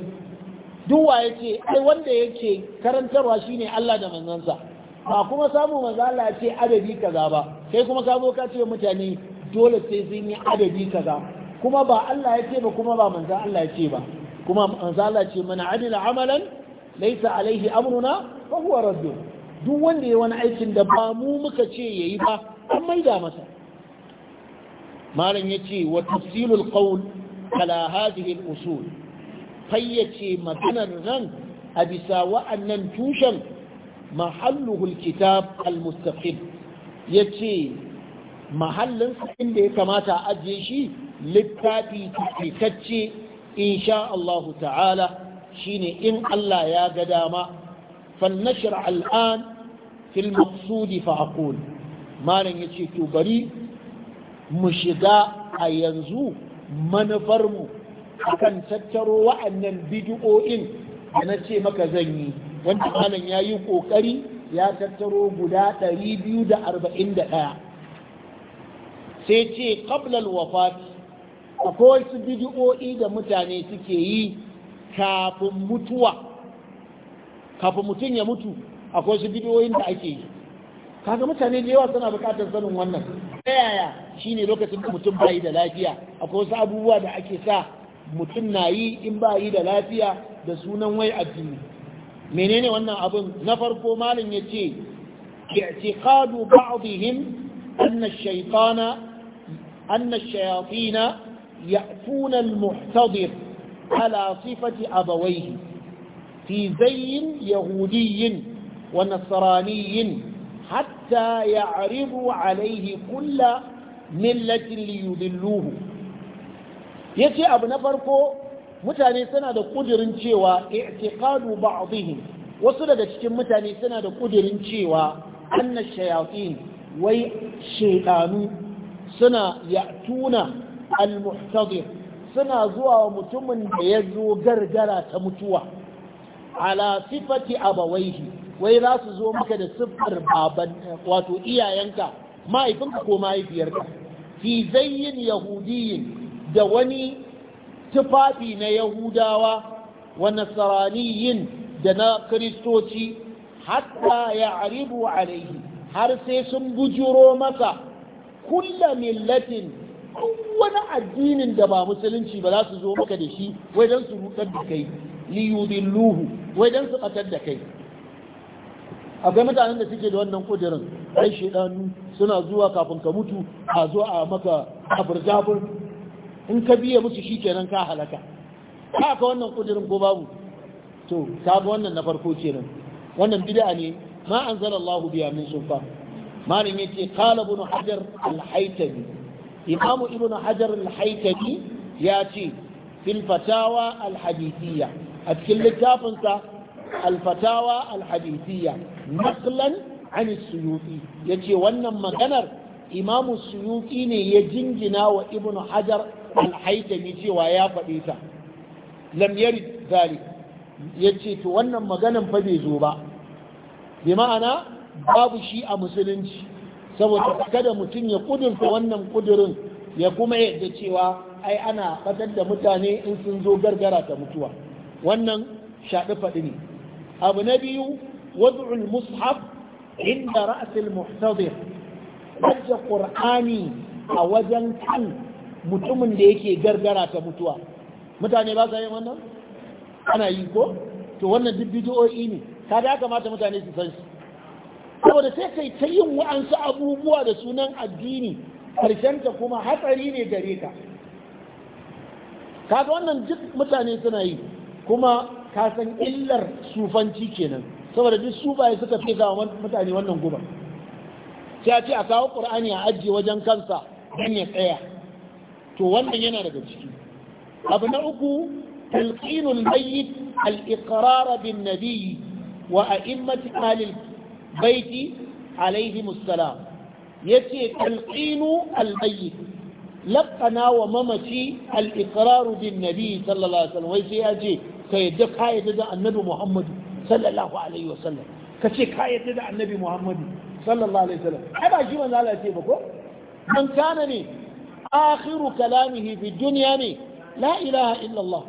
duk wa yake ai wanda yake karantarwa shine Allah da manzansa ba kuma samu manzo Allah ya ce adadi kaza ba sai kuma ka zo ka ce mutane dole sai sun yi adadi kaza kuma ba Allah ya ce ba kuma ba manzo Allah ya ce ba kuma manzo Allah ce mana amina amalan laysa alaihi amruna fa huwa duk wanda ya wani aikin da ba mu muka ce yayi ba an maida masa malam yace wa tafsilul qawl ala hadhihi al usul fayyace maganar ran a bisa wa'annan tushen mahalluhul kitab al mustaqim yace mahallin inda ya kamata a ajiye shi littafi taƙaitacce insha Allah ta'ala shine in Allah ya ga dama fannashir al'an fil maqsudi fa aqul malam yace to bari mu shiga a yanzu manufarmu kan tattaro wa'annan bid'o'in da na ce maka zan yi wanda malam ya yi ƙoƙari ya tattaro guda 241 sai ce qablal wafat akwai wasu bidiyo'i da mutane suke yi kafin mutuwa kafin mutum ya mutu akwai wasu bidiyo'in da ake yi kaga mutane da yawa suna bukatar sanin wannan ta yaya ne lokacin da mutum bayi da lafiya akwai wasu abubuwa da ake sa mutum na yi in bayi da lafiya da sunan wai addini menene wannan abin na farko malin ya ce i'tiqadu ce kadu ash annashaitana أن الشياطين يأفون المحتضر على صفة أبويه في زي يهودي ونصراني حتى يعرضوا عليه كل ملة ليذلوه yace abu na farko mutane suna da kudirin cewa i'tiqadu ba'dihim wasu daga cikin mutane suna da kudirin cewa anna shayatin wai shaytanu suna ya'tuna al-muhtadir suna zuwa wa mutumin da ya zo gargara ta mutuwa ala sifati abawaihi wai za su zo maka da siffar baban wato iyayenka mahaifinka ko mahaifiyarka fi zayyin yahudiyin da wani tufafi na yahudawa wa nasaraniyin da na kristoci hatta ya aribu alaihi har sai sun bujuro masa kulla millatin wani addinin da ba musulunci ba za su zo maka da shi wai don su rutar da kai li yudilluhu wai su batar da kai akwai mutanen da suke da wannan kudirin ai shedanu suna zuwa kafin ka mutu a zo a maka aburzabur in ka biye musu shikenan ka halaka ka wannan kudirin ko babu to ka ga wannan na farko kenan wannan bid'a ne ma anzalallahu biya min sulfa malam yace qala ibn hajar al-haytami imamu ibn hajar al-haytami ya ce fil fatawa al-hadithiyya a cikin littafinsa al-fatawa al-hadithiyya naqlan an suyuti yace wannan maganar imamu suyuti ne ya jingina wa ibn hajar al-haytami cewa ya faɗe ta lam yarid zalik yace to wannan maganan fa bai zo ba bi ma'ana babu shi a musulunci saboda kada mutum ya kudurta wannan kudurin ya kuma yadda cewa ai ana fatar da mutane in sun zo gargara ta mutuwa wannan shaɗi faɗi ne abu na biyu wad'ul mushaf inda ra'asul muhtadir wajen qur'ani a wajen kan mutumin da yake gargara ta mutuwa mutane ba sa yin wannan ana yi ko to wannan duk bidiyo'i ne kada kamata mutane su san shi saboda sai kai ta yin wa'ansu abubuwa da sunan addini ta kuma hatsari ne gare ka kaga wannan duk mutane suna yi kuma ka san illar sufanci kenan saboda duk sufaye suka fi ga mutane wannan guba sai a ce a kawo ƙur'ani a ajiye wajen kansa don ya tsaya to wannan yana daga ciki abu na uku talqinul mayyit al-iqrar bin nabiy wa a'immat ahli baiti alaihi musallam yace talqinu almayyit laqana wa mamaci al-iqraru bin nabi sallallahu alaihi wasallam sai yace ka yadda ka yadda da annabi muhammadu sallallahu alaihi wasallam ka ce ka yadda da annabi muhammadu sallallahu alaihi wasallam ai ba shi manzo Allah ce ba ko man kana ne akhiru kalamihi fi dunya ne la ilaha illa Allah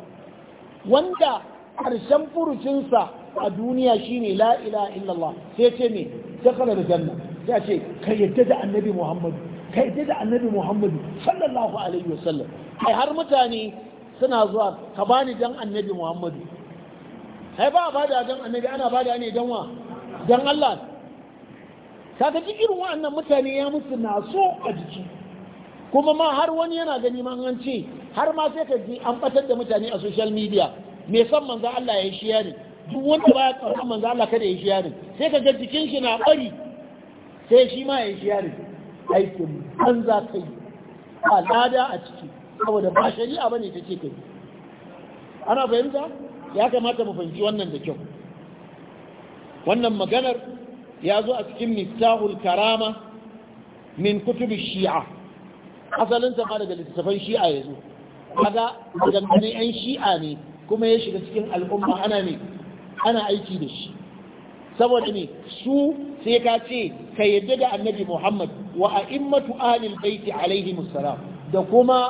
wanda harshen furucinsa a duniya shine la ilaha illallah sai ce me dakhala da janna sai ce ka yadda da annabi muhammadu ka yadda da annabi muhammadu sallallahu alaihi wasallam kai har mutane suna zuwa ka bani dan annabi muhammadu kai ba bada dan annabi ana bada ne dan wa dan Allah kaga ji irin wa'annan mutane ya musu naso a jiki kuma ma har wani yana gani ma an ce har ma sai ka ji an batar da mutane a social media me san manzo Allah ya yi shi ne duk wanda ba ya ƙarfin manzo Allah kada ya yi shiyarin sai ka ga jikin shi na bari sai shi ma ya yi shiyarin aikin an za ka yi ba lada a ciki saboda ba shari'a bane ta ce kai ana fahimta ya kamata mu fahimci wannan da kyau wannan maganar ya zo a cikin miftahul karama min kutubi shi'a asalin sa daga littattafan shi'a ya zo kaga dangane yan shi'a ne kuma ya shiga cikin al'umma ana ne ana aiki da shi saboda ne su sai ka ce ka yadda da annabi muhammad wa immatu ahlil baiti alaihi musallam da kuma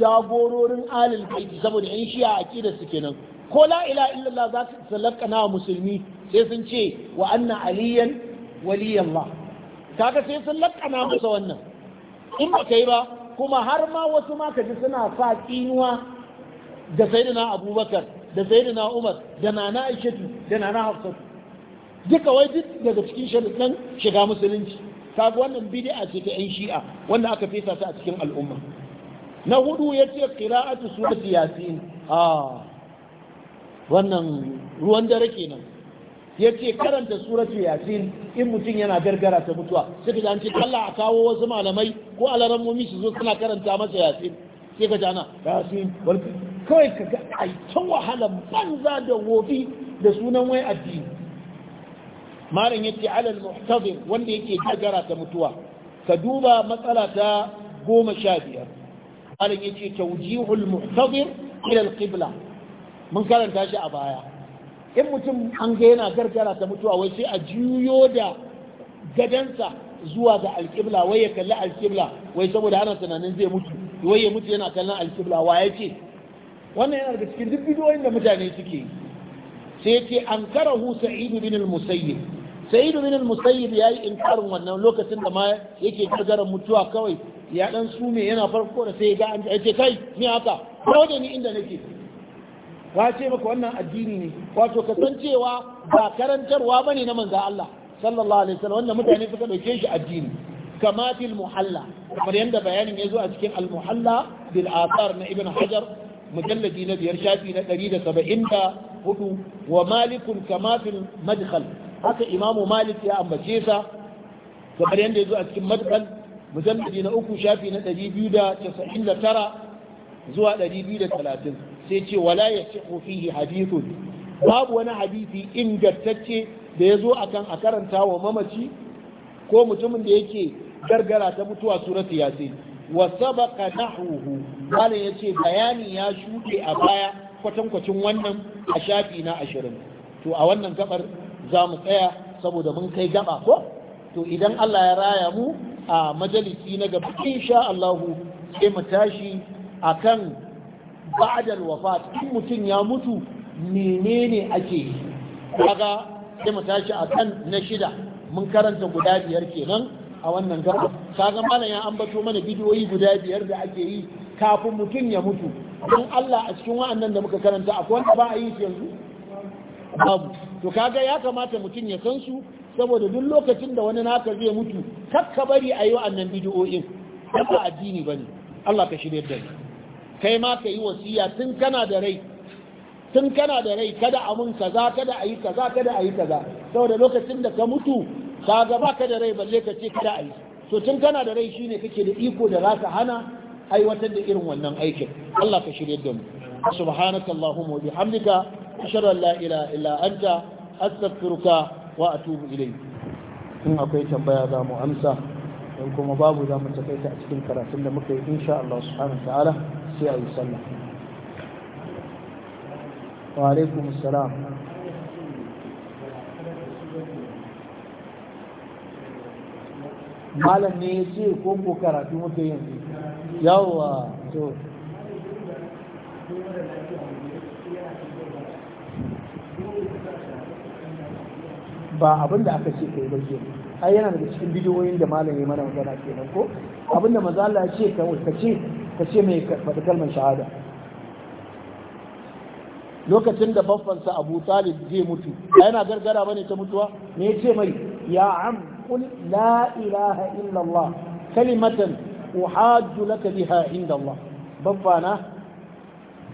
jagororin ahlil baiti saboda yan shi a akidar su kenan ko la ilaha illallah za su sallaka na musulmi sai sun ce wa anna aliyan waliyallah kaga sai sun lakana masa wannan in ba kai ba kuma har ma wasu ma ji suna sa tsinuwa da sayyidina abubakar da sayyidina Umar da nana Aishatu da nana Hafsatu duka wai duk daga cikin sharuɗan shiga musulunci kaga wannan bid'a ce ta yan shi'a wanda aka fesa ta a cikin al'umma na hudu yace qira'atu surati yasin ah wannan ruwan dare kenan yace karanta surati yasin in mutum yana gargara ta mutuwa sai ka ce Allah a kawo wasu malamai ko alarammomi su zo suna karanta masa yasin sai ka jana ana yasin kawai ka ga ai ta wahala banza da wofi da sunan wai addini malam yace alal muhtadir wanda yake gagara ta mutuwa ka duba matsala ta goma sha biyar malam yace tawjihul muhtadir ila alqibla mun karanta shi a baya in mutum an ga yana gargara ta mutuwa wai sai a juyo da gadansa zuwa ga alƙibla wai ya kalli alƙibla wai saboda ana tunanin zai mutu wai ya mutu yana kallon alƙibla wa ya ce wannan yana daga cikin duk bidiyoyin da mutane suke sai yace ankarahu Sa'idu bin al-musayyib sa'id bin al-musayyib yayi inkarin wannan lokacin da ma yake gargaran mutuwa kawai ya dan sume yana farko da sai ga an ce kai me haka ko da ni inda nake wa ce maka wannan addini ne wato kasancewa ba karantarwa bane na manzo Allah sallallahu alaihi wasallam wanda mutane suka dauke shi addini kama fil muhalla kamar yanda bayanin yazo a cikin al muhalla bil athar na ibn hajar mujalladi na biyar shafi na ɗari da saba'in da hudu wa malikun kamafin madkhal haka imamu malik ya ambace sa kamar yadda ya zo a cikin madkhal mujalladi na uku shafi na ɗari biyu da casa'in da tara zuwa ɗari biyu da talatin sai ce wala ya ci fihi hadithun babu wani hadisi ingantacce da ya zo akan a karanta wa mamaci ko mutumin da yake gargara ta mutuwa suratu yasin wa sabaka nahwuhu malam yace bayani ya shuɗe a baya kwatankwacin wannan a shafi na ashirin to a wannan gabar za mu tsaya saboda mun kai gaba ko to idan Allah ya raya mu a majalisi na gaba insha Allah sai mu tashi akan ba'dal wafat in mutum ya mutu menene ake kaga sai mu tashi akan na shida mun karanta guda biyar kenan a wannan gaba kaga malam ya ambato mana bidiyoyi guda biyar da ake yi kafin mutum ya mutu don Allah a cikin wa'annan da muka karanta akwai wanda ba a yi yanzu babu to kaga ya kamata mutum ya san su saboda duk lokacin da wani naka zai mutu kakka bari a yi wa'annan bidiyoyin ba addini bane Allah ka shirye da ni kai ma ka yi wasiya tun kana da rai tun kana da rai kada a mun kaza kada a yi kaza kada a yi kaza saboda lokacin da ka mutu kaga baka da rai balle ka ce kada a yi to tun kana da rai shine kake da iko da za ka hana aiwatar da irin wannan aikin Allah ka shirye da mu subhanaka allahumma wa bihamdika ashhadu an la ilaha illa anta astaghfiruka wa atubu ilayk in akwai tambaya za mu amsa in kuma babu za mu takaita a cikin karatun da muka yi insha Allah subhanahu ta'ala sai a yi sallah wa alaikumus salam malam ne ya ce ko ko karatu muke yin yawwa to ba abin da aka ce ka ba ke ai yana daga cikin bidiyoyin da malam ya mana magana kenan ko abin da maza Allah ya ce ka ce ka ce mai faɗi kalmar shahada lokacin da baffansa abu talib zai mutu yana gargara bane ta mutuwa me ya ce mai ya am qul la ilaha illallah kalimatan uhajju laka biha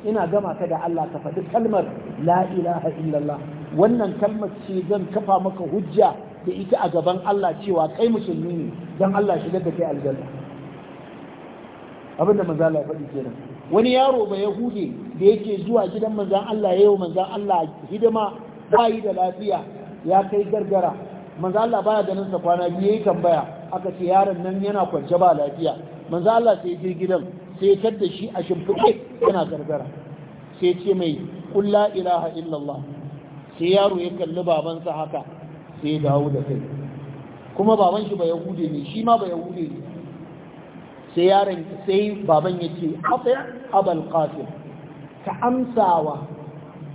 ina gama da Allah ka faɗi kalmar la illallah wannan kalmar ce zan kafa maka hujja da ita a gaban Allah cewa kai musulmi ne don Allah shiga da kai aljanna abinda manzo ya faɗi kenan wani yaro ba ya hude da yake zuwa gidan manzan Allah yau manzan Allah hidima ba yi da lafiya ya kai gargara manzan Allah baya ganin sa kwana biyu yayi tambaya aka ce yaron nan yana kwance ba lafiya manzan Allah sai je gidan sai ya tada shi a shimfiɗe yana gargara sai ce mai Kulla la ilaha illallah sai yaro ya kalli babansa haka sai ya dawo da kai kuma baban shi ba yahude ne shi ma ba yahude ne sai yaron sai baban ya ce hafiya abal qasim ka amsawa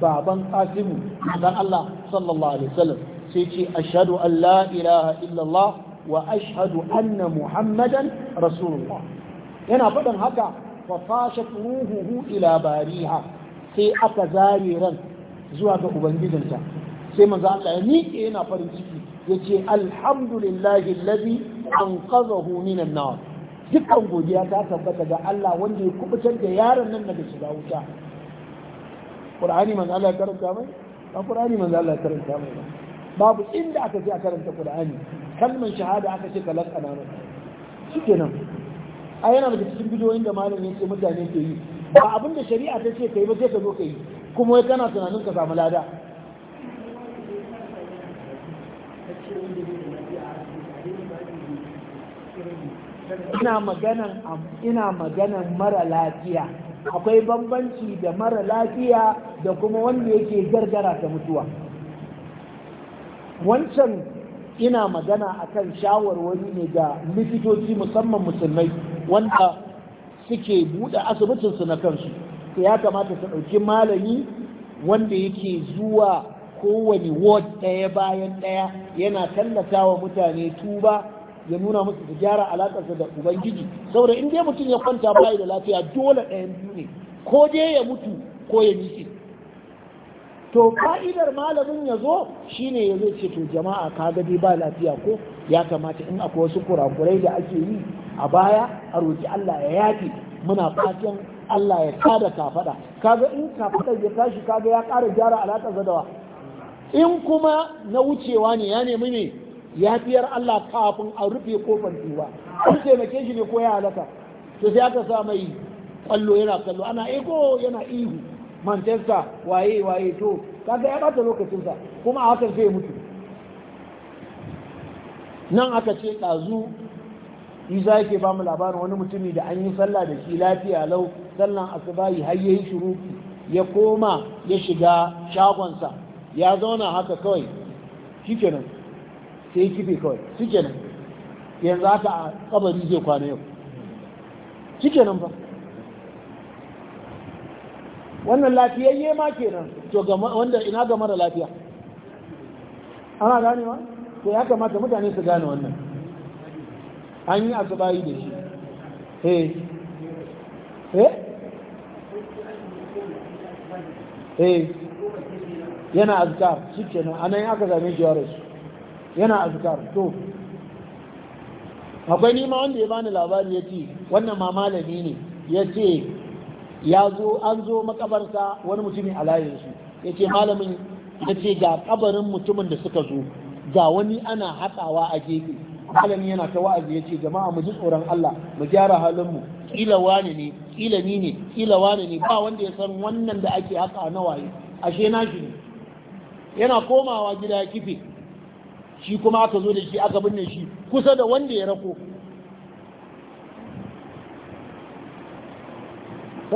baban qasimu dan Allah sallallahu alaihi wasallam sai ce ashadu Allah ilaha illallah wa ashhadu anna muhammadan rasulullah yana faɗin haka fa fashat ruhuhu ila bariha sai aka zare ran zuwa ga ubangijinta sai manzo Allah ya miƙe yana farin ciki yace alhamdulillahi allazi anqadhahu minan nar dukkan godiya ta tabbata ga Allah wanda ya kubutar da yaron nan daga shiga wuta Qur'ani manzo Allah ya karanta mai ba Qur'ani manzo Allah ya karanta mai babu inda aka ce a karanta Qur'ani kalman shahada aka ce kalak anama nan. a yana daga cikin bidiyoyin da malam yake mutane ke yi ba abin da shari'a ta ce kai ba sai ka zo kai kuma wai kana tunanin ka samu lada ina maganan ina maganan mara lafiya akwai bambanci da mara lafiya da kuma wanda yake gargara ta mutuwa wancan ina magana akan shawarwari ne ga likitoci musamman musulmai wanda suke buɗe asibitinsu na kansu ya kamata su ɗauki malami wanda yake zuwa kowane ward ɗaya bayan ɗaya yana tallata wa mutane tuba ya nuna musu su gyara alaƙarsa da ubangiji saboda in dai mutum ya kwanta bayi da lafiya dole ɗayan biyu ne ko dai ya mutu ko ya miƙe to ka'idar malamin ya zo shi ne ya zai ce to jama'a ka gadi ba lafiya ko ya kamata in akwai wasu kurakurai da ake yi a baya a roƙi Allah ya yaki muna fatan Allah ya tada kafada kaga in kafadar ya tashi kaga ya ƙara gyara alaƙarsa da wa in kuma na wucewa ne ya nemi ne yafiyar Allah kafin a rufe kofar tuba an taimake shi ne ko ya halaka to sai aka sa mai kwallo yana kallo ana ego yana ihu manchester waye waye to kaga ya bata lokacinsa kuma a hakan zai mutu nan aka ce kazu isa yake ba mu labarin wani mutumi da an yi sallah da shi lafiya lau sallan asibayi har yayi shuruki ya koma ya shiga shagonsa ya zauna haka kawai shikenan sai ya kife kawai cike nan yanzu haka a kabari zai kwana yau cike nan ba wannan lafiyayye ma kenan to wanda ina ga mara lafiya ana gane ma to ya kamata mutane su gane wannan an yi bayi da shi eh eh eh yana azkar shi kenan anan aka zame shi shi yana azkar to akwai nima wanda ya bani labari ya ce wannan ma ne ya ce ya zo an zo makabarsa wani mutumin a layinsu ya ce malamin ya ce ga kabarin mutumin da suka zo ga wani ana hatsawa a gefe malami yana ta wa'azi ya ce jama'a mu ji tsoron Allah mu gyara halinmu kila wani ne kila ni ne kila wani ne ba wanda ya san wannan da ake haka na waye ashe na shi ne yana komawa gida kife shi kuma aka zo da shi aka binne shi kusa da wanda ya rako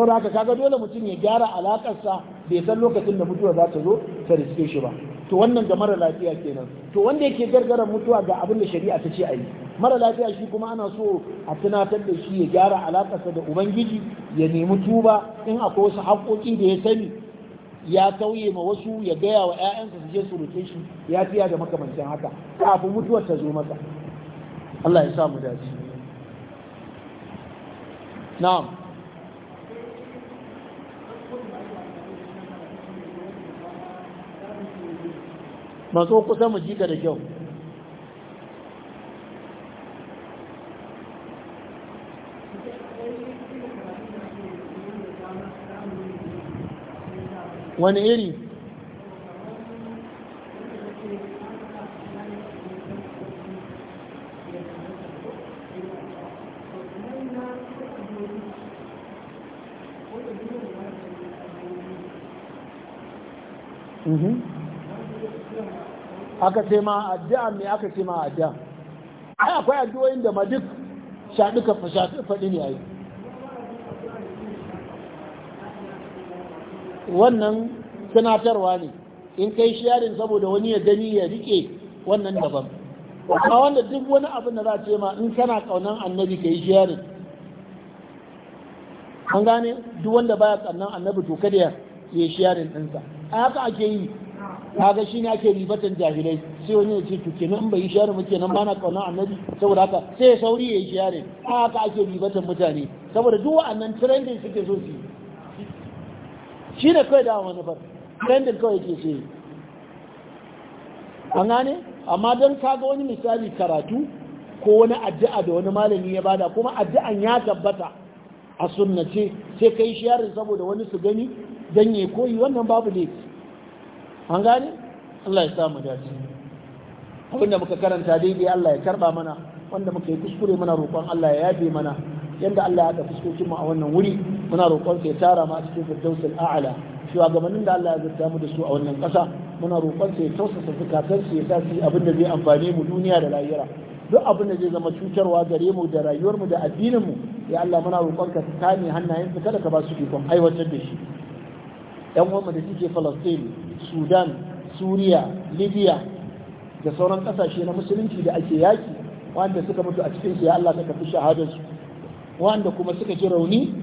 da haka kaga dole mutum ya gyara alakarsa bai san lokacin da mutuwa za ta zo ta riske shi ba to wannan ga mara lafiya kenan to wanda yake gargara mutuwa ga abin da shari'a ta ce a yi mara lafiya shi kuma ana so a tunatar da shi ya gyara alakarsa da ubangiji ya nemi tuba in akwai wasu haƙoƙi da ya sani ya kauye ma wasu ya gaya wa 'ya'yansa su je su roƙe shi ya fiya da makamancin haka kafin mutuwar ta zo masa Allah ya sa mu dace na'am matso kusa mu jika da kyau wani iri mhm. aka ce ma addu'a me aka ce ma addu'a ai akwai addu'o'in da ma duk shaɗuka faɗi ne yi. wannan sanatarwa ne in kai shiyarin saboda wani ya gani ya rike wannan daban amma wanda duk wani abin da za a ce ma in kana kaunan annabi ka yi an gane duk wanda baya kaunan annabi to kada ya yi shiyarin ɗinsa a haka ake yi kaga shine ake ribatan jahilai sai wani ya ce to kenan in bai shiyarin muke nan bana kaunan annabi saboda haka sai ya sauri ya A haka ake ribatan mutane saboda duk wa'annan trending suke so su yi. shi ne kawai da manufar trending kawai ke ce an gane amma don kaga wani misali karatu ko wani addu'a da wani malami ya bada kuma addu'an ya tabbata a sunnace sai kai shi yarin saboda wani su gani don ya koyi wannan babu ne an gane Allah ya samu dace abinda muka karanta daidai Allah ya karba mana wanda muka yi kuskure mana roƙon Allah ya yafe mana yanda Allah ya ta fuskokin mu a wannan wuri muna roƙon sa ya tara mu a cikin firdausul a'la shugabannin da Allah ya zata mu da su a wannan ƙasa muna roƙon sa ya tausasa zakatan su ya sa su abin da zai amfane mu duniya da lahira duk abin da zai zama cutarwa gare mu da rayuwar mu da addinin mu ya Allah muna roƙon ka kame hannayen su kada ka ba su ikon aiwatar da shi yan uwanmu da suke Falastin Sudan Suriya Libya da sauran ƙasashe na musulunci da ake yaki wanda suka mutu a cikin su ya Allah ka kafi shahadarsu wanda kuma suka ji rauni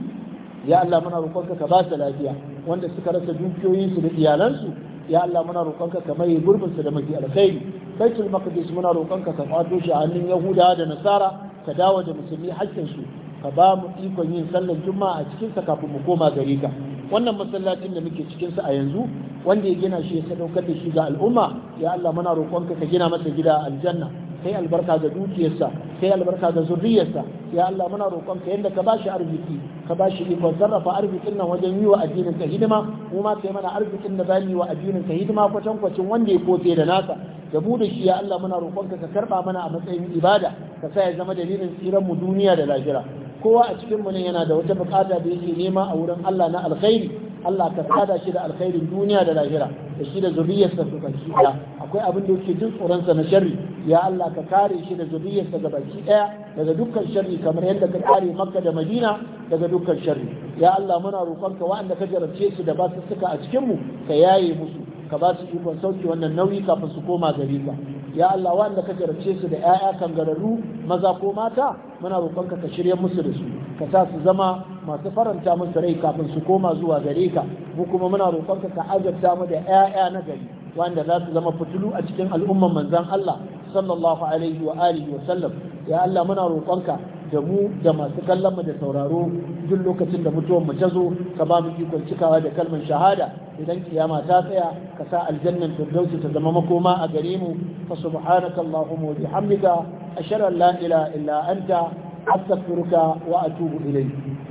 ya Allah muna roƙonka ka ba su lafiya wanda suka rasa dukiyoyinsu da iyalansu ya Allah muna roƙonka ka mai gurbinsu da mafi alkhairi baitul maqdis muna roƙonka ka kwato shi a hannun yahudawa da nasara ka dawo da musulmi haƙƙinsu ka ba mu ikon yin sallar juma'a a cikinsa kafin mu koma gare ka wannan masallacin da muke cikinsa a yanzu wanda ya gina shi ya sadaukar da shi ga al'umma ya Allah muna roƙonka ka gina masa gida aljanna kai albarka ga dukiyarsa kai albarka ga zurriyarsa ya Allah muna roƙon ka yanda ka bashi arziki ka bashi ikon sarrafa arzikin nan wajen yi wa addinin ka hidima mu ma kai mana arzikin da zamu yi wa addinin ka hidima kwatan kwacin wanda ya kofe da nasa da mu shi ya Allah muna roƙon ka ka karba mana a matsayin ibada ka sa ya zama dalilin tsiran mu duniya da lahira kowa a cikin mu ne yana da wata bukata da yake nema a wurin Allah na alkhairi Allah ka tsada shi da alkhairin duniya da lahira da shi da zuriyarsa su baki daya akwai abin da yake jin tsoronsa na sharri ya Allah ka kare shi da zuriyarsa ga baki daya daga dukkan sharri kamar yadda ka kare Makka da Madina daga dukkan sharri ya Allah muna roƙonka waɗanda ka jarabce su da suka a cikin mu ka yaye musu ka ba su ikon sauki wannan nauyi kafin su koma gari ka ya Allah wanda ka jarabce su da 'ya'ya kangararru maza ko mata muna roƙonka ka shirya musu da su ka sa su zama masu faranta musu rai kafin su koma zuwa gare ka mu kuma muna roƙonka ka azabta mu da 'ya'ya na gari wanda za su zama fitilu a cikin al'umman manzon Allah sallallahu alaihi wa alihi wa sallam ya Allah muna roƙonka da mu da masu kallon mu da sauraro duk lokacin da mutuwar mu ta zo ka ba mu ikon cikawa da kalmar shahada idan kiyama ta tsaya ka sa aljannan firdausi ta zama makoma a gare mu fa subhanaka allahumma wa bihamdika ashhadu an la ilaha illa anta astaghfiruka wa atubu ilayk